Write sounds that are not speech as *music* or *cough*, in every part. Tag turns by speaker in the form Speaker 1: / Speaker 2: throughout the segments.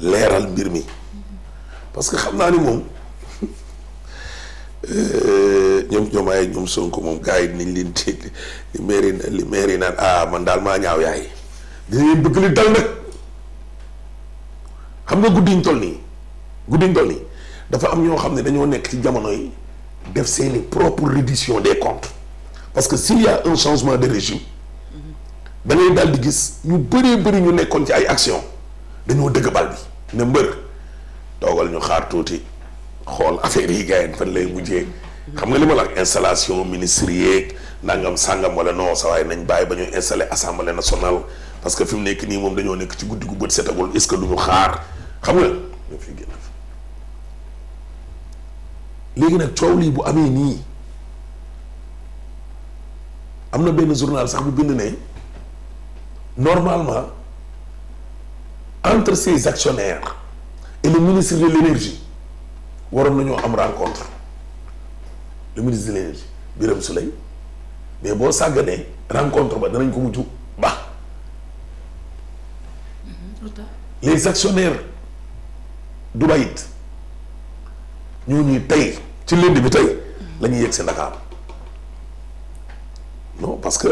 Speaker 1: leeral mbir mi parce que xam naa ni moom euh, ñoom ñoom ay ñoom Sonko moom gars yi nañ leen di li maire li maire yi naan ah man daal maa ñaaw yaay dina leen bëgg li dal nag xam nga guddi ñu toll nii guddi ñu nii dafa am ñoo xam ne dañoo nekk ci jamono yi def seeni propre reddition des comptes parce que si y a un changement de régime da ngay daal di gis ñu bëree bëri ñu nekkoon ci ay action dañoo dëgg bal bi ne mbër toogal ñu xaar tuuti xool affaire yi gars yi fan lay mujjee xam nga li ma la wax installation ministre yeeg nangam sàngam wala noo sa waaye nañ bàyyi ba ñu installé assemblée national parce que fi nekk nii moom dañoo nekk ci guddi gu bët setagul est ce que du ñu xaar xam nga fi génn léegi nag coow lii bu amee nii am na benn journal sax bu bind ne normalement entre ses actionnaires et le ministre de l'énergie waroon nañoo am rencontre le ministre de l'énergie Birame Souleye mais boo sàgganee rencontre ba danañ ko mujj
Speaker 2: ba mm-hmm.
Speaker 1: les actionnaires du bayit ñoo ñuy tey ci lundi bi tey la ñuy si Dakar parce que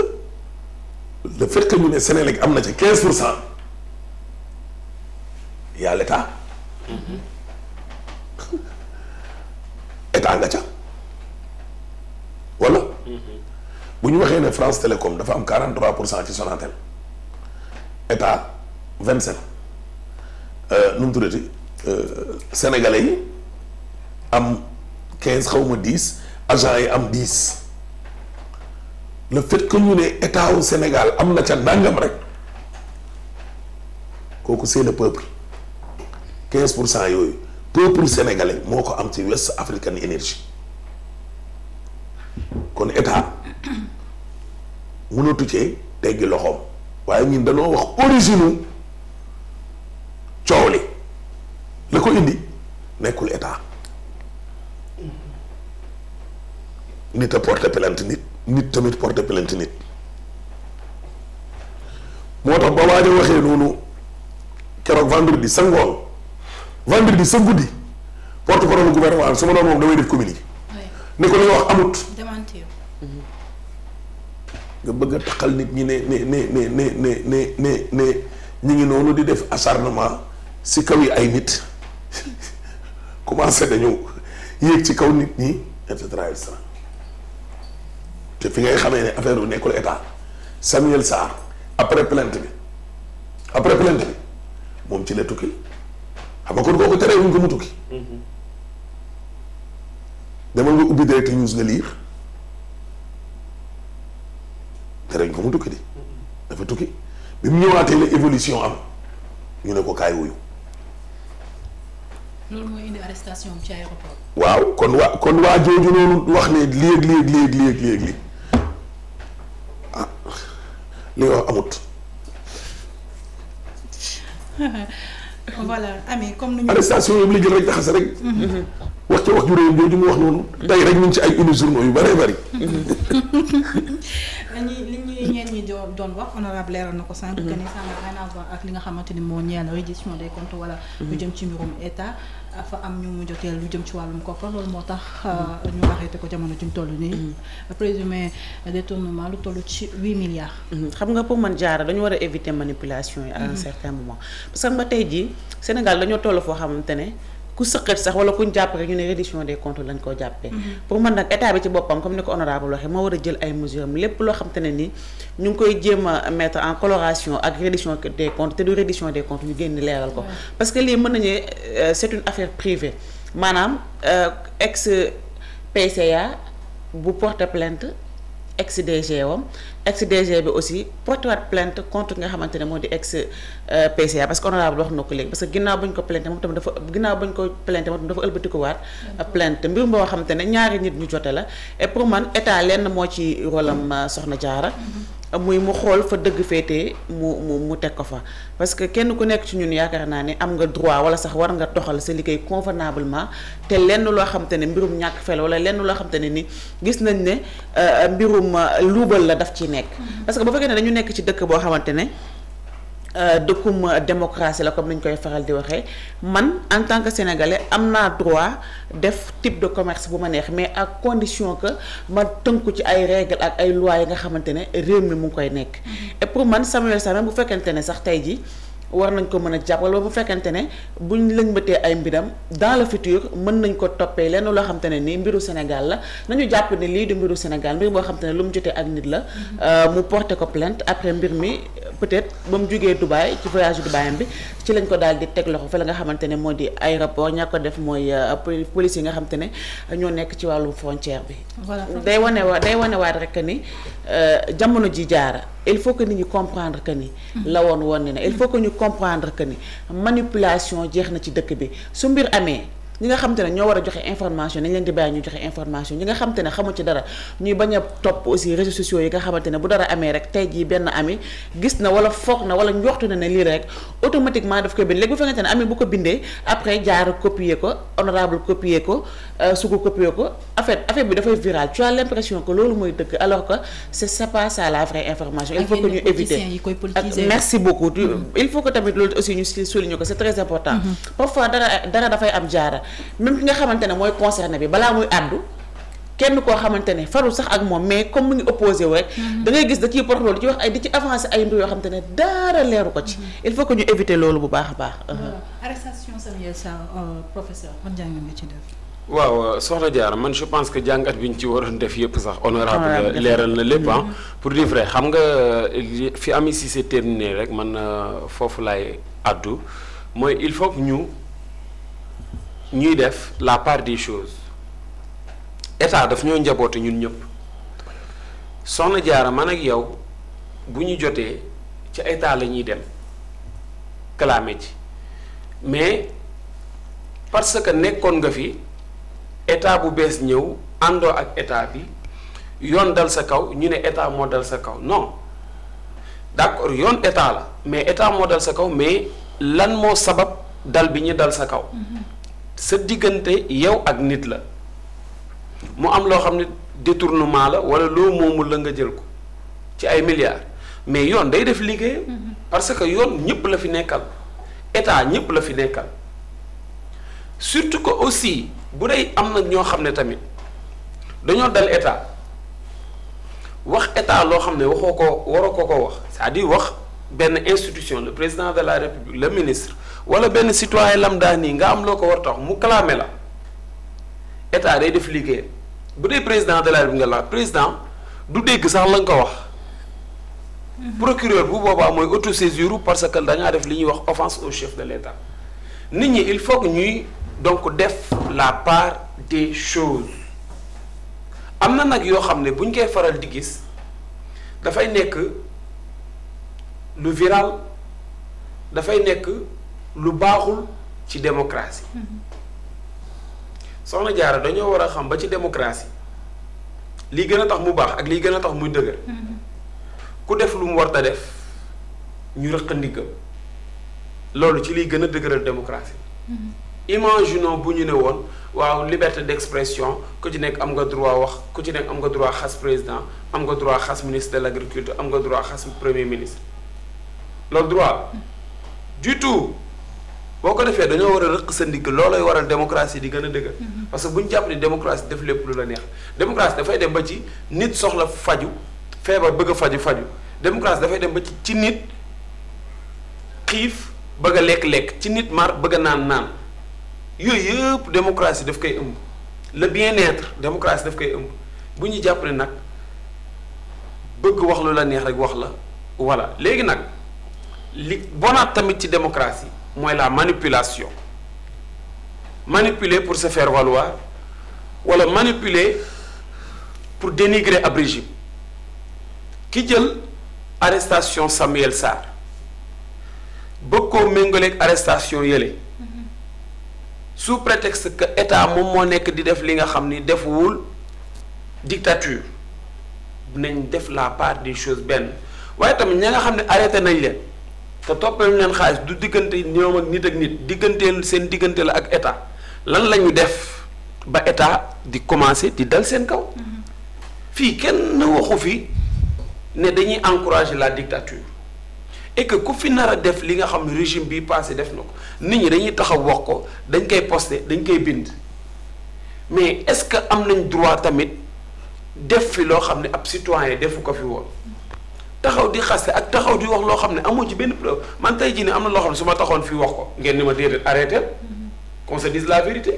Speaker 1: le fait que ñu ne am na ci quinze pour cent y a l'état nga ca wala bu ñu waxee ne France Télécom dafa am 43 pour cent ci Sonatel état 27 euh, nu mu tuddati euh, yi am 15 xaw ma 10 agents yi am 10 le fait que ñu ne état Sénégal am na ca nangam rek kooku c'est le peuple. quinze pour cent yooyu peuple sénégalais moo ko am ci West African Energy kon état mënatu cee teggi loxoom waaye ñun dañoo wax origine coow li la ko indi nekkul état nit a porté plainte nit nit tamit porté plainte nit moo tax ba waaj waxee noonu keroog vendredi sa ngoon vendredi sa guddi porte parole du gouvernement bi sama doom moom damay def communiqué.
Speaker 2: ne ko li nga wax amut. démentir.
Speaker 1: nga bëgg a taxal nit ñi ne ne ne ne ne ne ñu ngi noonu di def acharnement si kaw yi ay nit *laughs* commencé dañu yéeg ci kaw nit ñi et te fi ngay xamee ne affaire bi nekkul état Samuel Sarr après plant bi après plainte bi moom ci la tukki. xam nga kon kooku teree ko mu tukki. Mhm. demal nga ubbi direct news nga liir teree ko mu tukki di. Mhm. dafa tukki bi mu ñëwaatee la évolution am ñu ne ko kaay wuyu. waaw kon waa kon waa jooju noonu wax ne léeg léeg léeg léeg léeg li ah li nga wax amut.
Speaker 3: *laughs* voilà amee ah, comme ni ñu. arrestation
Speaker 1: yooyu la jël rek taxase rek. Mm-hmm. wax ca wax ju réew jooju mu wax noonu. tey rek ñu ngi ci ay unies journaux yu bëree bëri. Mm-hmm.
Speaker 3: *laughs* lañuy li ñuy ñeen ñi doon wax honorable leeral na ko sànq mhm. que ni ça n'a ak li nga xamante ni moo ñeel reddition de comptes wala lu mhm. jëm ci mbirum état fa am ñu mu joteel lu jëm ci wàllum koppar loolu moo tax mhm. euh, ñu arrêté ko jamono jum toll nii présumé détournement lu toll ci huit milliards xam nga pour man jaara dañu war a éviter manipulation yi à un certain moment parce que xam nga tey jii Sénégal dañoo toll foo xamante ne ku sëqat sax wala kuñ jàpp rek ñu ne reddition des comptes lañ koo jàppee. Mm-hmm. pour man nag état bi ci boppam comme ni ko honorable waxee moo war a jël ay mesures am lépp loo xam ne ni ñu ngi koy jéem a en coloration ak reddition des comptes te du reddition des comptes ñu génn leeral ko. parce que lii mën nañu ne euh, c'est une affaire privée maanaam euh, ex PCA bu porte plainte ex DG wam ex DG bi aussi porté waat plainte contre nga xamante ne moo di ex PCA parce que honorable wax na ko léegi parce que ginnaaw buñ ko plainte moom tamit dafa ginnaaw buñ ko plainte moom tamit dafa ëlbatikuwaat plainte mbir boo xamante ne ñaari nit ñu jote la et pour man état lenn moo ci rôlam mm-hmm. soxna jaara mm-hmm. muy mu xool fa dëgg féete mu mu mu teg ko fa parce que kenn ku nekk ci ñun yaakaar naa ne am nga droit wala sax war nga toxal sa liggéey convenablement te lenn loo xam ne mbirum ñàkk fel wala lenn loo xam te ne ni gis nañ ne euh, mbirum euh, luubal la daf ci nekk mm-hmm. parce que bu fekkee ne dañu nekk ci dëkk boo xamante ne Euh, dëkkum euh, démocratie la comme ni ñu koy faral di waxee man en tant que sénégalais am naa droit def type de commerce bu ma neex mais ak condition que ma tënku ci ay règles ak ay lois yi nga xamante ne réew mi mu ngi koy nekk. Mm-hmm. et pour man Samuel Sarr bu fekkante ne sax tey jii. war nañ ko mën a jàppale bu fekkante ne buñ lëñbatee ay mbiram dans le futur mën nañ ko toppee lenn loo xam te ne nii mbiru Sénégal la nañu jàpp ne lii du mbiru Sénégal mbir boo xam te ne lu mu jotee ak nit la mm-hmm. euh, mu porté ko plainte après mbir mi peut-être ba mu jógee Dubaï ci voyage Dubaï am bi ci lañ ko daal di teg loxo fa la nga xamante ne moo di aéroport ñaa ko def mooy euh, police yi nga xamante ne ñoo nekk ci wàllu frontière bi. day wane wa day wane waat rek ni euh, jamono ji jaara il faut que nit ñi comprendre que ni. la woon woon ni na il faut que ñu comprendre que ni manipulation jeex na ci dëkk bi su mbir amee. ñi nga xam te ne ñoo war a joxe information nañ leen di bàyyi ñu joxe information ñi nga xam te ci dara ñuy bañ topp aussi réseaux sociaux yi nga xamante bu dara amee rek tey jii benn ami gis na wala foog na wala njoxtu na ne lii rek automatiquement daf koy bind léegi bu fekkente ne ami bu ko bindee après jaar copier ko honorable copier ko euh, sugu copier ko en fait bi dafay viral tu l'impression que loolu mooy dëgg alors que c'est c'est pas ça information mm-hmm. il faut que ñu éviter mm-hmm. am même ki nga xamante ne mooy concerné bi balaa muy àddu kenn koo xamante ne farul sax ak moom mais comme mu ngi opposé rek. Mhm. da ngay gis da ciy port loolu ci wax ay di ci avancé ay mbir yoo xamante ne dara leeru ko ci. Mhm. il faut que ñu loolu bu baax baax. Euh, uh-huh. arrestation Samuel Sarr euh, professeur nga ci def.
Speaker 4: waaw euh, soxna Diarra man je pense que jàngat bi ñu ci waroon def yëpp sax honorable leeral na lépp ah pour dire vrai xam nga fi am si c'est terminé rek man foofu laay addu mooy il faut que ñu. ñuy def la part des choses état daf ñoo njaboote ñun ñëpp soxna jaara man ak yow bu ñu jotee ca état la ñuy dem clamé ci mais parce que nekkoon nga fi état bu bees ñëw àndoo ak état bi yoon dal sa kaw ñu ne état moo dal sa kaw non d'accord yoon état la mais état moo dal sa kaw mais lan moo sabab dal bi ñu dal sa kaw. Mm-hmm. sa diggante yow ak nit la mu am loo xam ne détournement la wala loo moomul la nga jël ko ci ay milliards mais yoon day def liggéeyam mm-hmm. parce que yoon ñëpp la fi nekkal état ñëpp la fi nekkal surtout ko aussi bu dee am na ñoo xam ne tamit dañoo dal état wax état loo xam ne waxoo ko waroo ko ko wax cest di wax benn institution le président de la république le ministre wala benn citoyen lambda nii nga am loo ko war tax mu clamé la état day def liggéey bu dee président de la République nga la président du dégg sax la nga ko wax. Mhm. procureur bu boobaa mooy autosaisir parce que dañaa def li ñuy wax offense au chef de l' état nit ñi il faut ñuy donc def la part des choses am na nag yoo xam ne buñ koy faral di gis dafay nekk lu viral dafay nekk. lu baaxul ci démocratie mm-hmm. soxna jaaree dañoo war a xam ba ci démocratie lii gën a tax mu baax ak lii gën a tax mu dëgër mm-hmm. ku def lu mu war def ñu rëq ndiggam loolu ci liy gën a dëgëral démocratie mm-hmm. imaginons bu ñu ne woon waaw liberté d'expression ku ci nekk am nga droit wax ku ci nekk am nga droit xas président am nga droit xas ministre de l'agriculture am nga droit xas premier ministre loolu droit du tout boo ko defee dañoo war a rëq sa ndigg loolay a démocratie di gën a dëgër mm-hmm. parce que bu ñu jàpp ni démocratie def lépp lu la neex démocratie dafay dem ba ci nit soxla faju feebar bëgg faju faju démocratie dafay dem ba ci ci nit xiif bëgg a lekk-lekk ci nit mar bëgg naan naan yooyu yëpp démocratie daf koy ëmb le bien-être démocratie daf koy ëmb bu ñu jàpp ne nag bëgg wax lu la neex rek wax la voilà léegi nag li bonaat tamit ci démocratie mooy la manipulation manipuler pour se faire valoir wala manipuler pour dénigrer ab régime ki jël arrestation Samuel Sarr bëgg koo méngaleeg arrestation yële sous prétexte que état moom moo nekk di def li nga xam ni defuwul dictature nañ def la part des choses benn waaye tamit ña nga xam ne arrêté nañ leen. te toppal leen xaalis du diggante ñoom ak nit ak nit digganteel seen diggante la ak état lan la ñu def ba état di commencer di dal seen kaw. Mm-hmm. fii kenn waxu fi ne dañuy encourager la dictature et que ku fi nar def li nga xam ne régime bii passé def na ko nit ñi dañuy taxaw wax ko dañ koy posté dañ koy bind mais est-ce que am nañ droit tamit def fi loo xam ne ab citoyen defu ko fi woon. taxaw di xaste ak taxaw di wax loo xam ne amoo ci benn preuve man tey jii am na loo xam ne su ma taxoon fii wax ko ngeen ni ma déedéet arrêté mm-hmm. qu'on se dise la vérité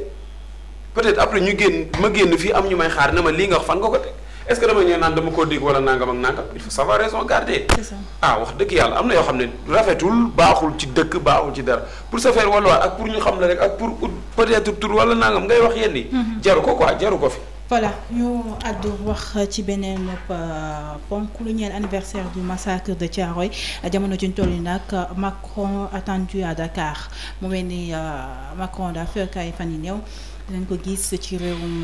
Speaker 4: peut-être après ñu génn ma génn fii am ñu may xaar ne ma lii nga wax fan nga ko teg est-ce que dama ñëw naan dama koo dégg wala nangam ak nangam il faut savoir raison garder. ah wax dëgg yàlla am na yoo xam ne rafetul baaxul ci dëkk baaxul ci dara pour se faire wala ak pour ñu xam la rek ak pour peut-être tur wala nangam ngay wax yenn yi. Mm-hmm. jaru ko quoi jaru ko fi.
Speaker 3: voilà ñu àddu wax ci beneen euh, ponk lu ñeel anniversaire du massacre de Thiaroye jamono ci toll yi nag Macron attendu Dakar
Speaker 2: mu mel ni euh, Macron daa ay fan yi néew dinañ ko gis ci réewum